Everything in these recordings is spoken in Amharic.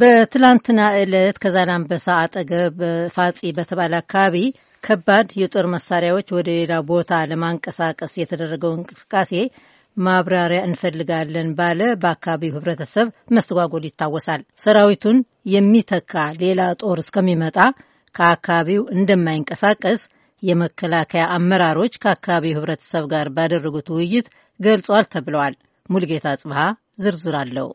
በትላንትና ዕለት ከዛላምበሳ አጠገብ ፋጺ በተባለ አካባቢ ከባድ የጦር መሳሪያዎች ወደ ሌላ ቦታ ለማንቀሳቀስ የተደረገው እንቅስቃሴ ማብራሪያ እንፈልጋለን ባለ በአካባቢው ህብረተሰብ መስተጓጎል ይታወሳል። ሰራዊቱን የሚተካ ሌላ ጦር እስከሚመጣ ከአካባቢው እንደማይንቀሳቀስ የመከላከያ አመራሮች ከአካባቢው ህብረተሰብ ጋር ባደረጉት ውይይት ገልጿል ተብለዋል። ሙልጌታ ጽብሃ ዝርዝር አለው።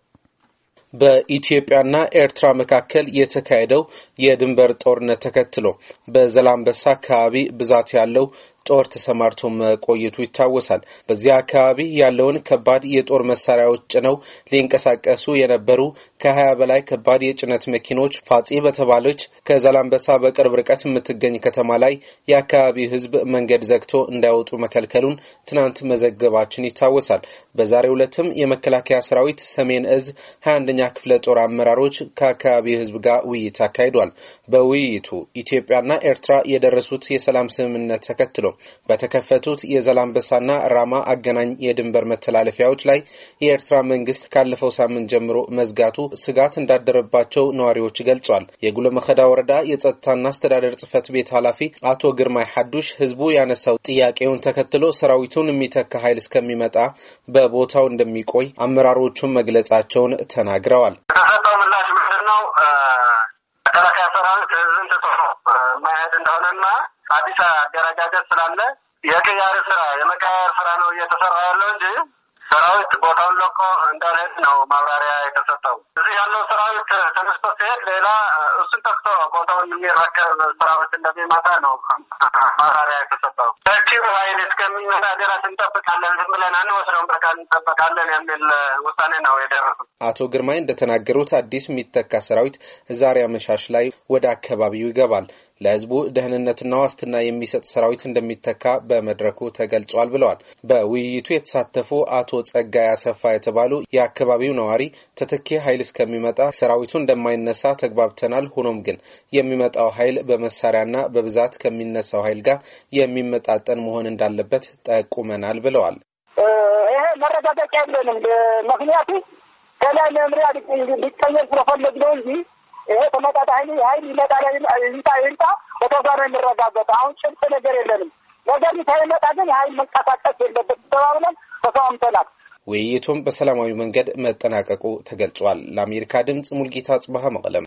በኢትዮጵያና ኤርትራ መካከል የተካሄደው የድንበር ጦርነት ተከትሎ በዘላንበሳ አካባቢ ብዛት ያለው ጦር ተሰማርቶ መቆየቱ ይታወሳል። በዚህ አካባቢ ያለውን ከባድ የጦር መሳሪያዎች ጭነው ሊንቀሳቀሱ የነበሩ ከሀያ በላይ ከባድ የጭነት መኪኖች ፋጺ በተባለች ከዛላምበሳ በቅርብ ርቀት የምትገኝ ከተማ ላይ የአካባቢው ሕዝብ መንገድ ዘግቶ እንዳይወጡ መከልከሉን ትናንት መዘገባችን ይታወሳል። በዛሬው ዕለትም የመከላከያ ሰራዊት ሰሜን እዝ ሀያ አንደኛ ክፍለ ጦር አመራሮች ከአካባቢው ሕዝብ ጋር ውይይት አካሂዷል። በውይይቱ ኢትዮጵያና ኤርትራ የደረሱት የሰላም ስምምነት ተከትሎ በተከፈቱት የዘላንበሳና ራማ አገናኝ የድንበር መተላለፊያዎች ላይ የኤርትራ መንግስት ካለፈው ሳምንት ጀምሮ መዝጋቱ ስጋት እንዳደረባቸው ነዋሪዎች ገልጿል። የጉሎ መኸዳ ወረዳ የጸጥታና አስተዳደር ጽህፈት ቤት ኃላፊ አቶ ግርማይ ሐዱሽ ህዝቡ ያነሳው ጥያቄውን ተከትሎ ሰራዊቱን የሚተካ ኃይል እስከሚመጣ በቦታው እንደሚቆይ አመራሮቹን መግለጻቸውን ተናግረዋል። ሰራዊት ህዝብን ትቶ መሄድ እንደሆነና አዲስ አደረጃጀት ስላለ የቅያር ስራ የመቀያየር ስራ ነው እየተሰራ ያለው እንጂ ሰራዊት ቦታውን ለቆ እንዳልሄድ ነው ማብራሪያ የተሰጠው። እዚህ ያለው ሰራዊት ተነስቶ ሲሄድ ሌላ እሱን ተክቶ ቦታውን የሚረከብ ሰራዊት እንደሚመጣ ነው ማራሪያ የተሰጠው። በኪሩ ኃይል እስከሚመጣ ድረስ እንጠብቃለን፣ ዝም ብለን አንወስደውም፣ በቃ እንጠብቃለን የሚል ውሳኔ ነው የደረሱት። አቶ ግርማይ እንደተናገሩት አዲስ የሚተካ ሰራዊት ዛሬ አመሻሽ ላይ ወደ አካባቢው ይገባል። ለህዝቡ ደህንነትና ዋስትና የሚሰጥ ሰራዊት እንደሚተካ በመድረኩ ተገልጿል ብለዋል። በውይይቱ የተሳተፉ አቶ ጸጋይ አሰፋ የተባሉ የአካባቢው ነዋሪ ተተኪ ኃይል እስከሚመጣ ሰራዊቱ እንደማይነሳ ተግባብተናል። ሆኖም ግን የሚመጣው ኃይል በመሳሪያና በብዛት ከሚነሳው ኃይል ጋር የሚመጣጠን መሆን እንዳለበት ጠቁመናል ብለዋል። ይሄ መረጋገጫ የለንም። ምክንያቱ ከላይ መምሪያ ሊቀየር ስለፈለግ ነው እንጂ ይሄ ተመጣጣኝ ኃይል ይመጣ ይምጣ ይምጣ በተዛ ነው የሚረጋገጠ። አሁን ጭብጥ ነገር የለንም። ነገር ሳይመጣ ግን የኃይል መንቀሳቀስ የለበት ተባብለን ተስማምተናል። ውይይቱም በሰላማዊ መንገድ መጠናቀቁ ተገልጿል። ለአሜሪካ ድምፅ ሙልጌታ ጽባህ መቀለም